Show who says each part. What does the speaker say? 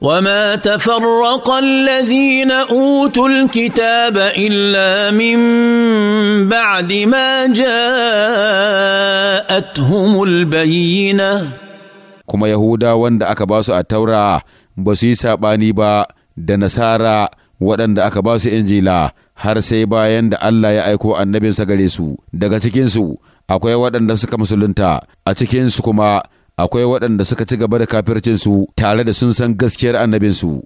Speaker 1: وما تفرق الذين اوتوا الكتاب الا
Speaker 2: من بعد ما جاءتهم
Speaker 3: kuma yahuda wanda aka basu su a taura ba su yi saɓani ba da nasara waɗanda aka basu injila har sai bayan da Allah ya aiko annabin gare su daga cikinsu akwai waɗanda suka musulunta a cikinsu kuma akwai waɗanda suka ci gaba da kafircinsu tare da sun san
Speaker 4: gaskiyar annabinsu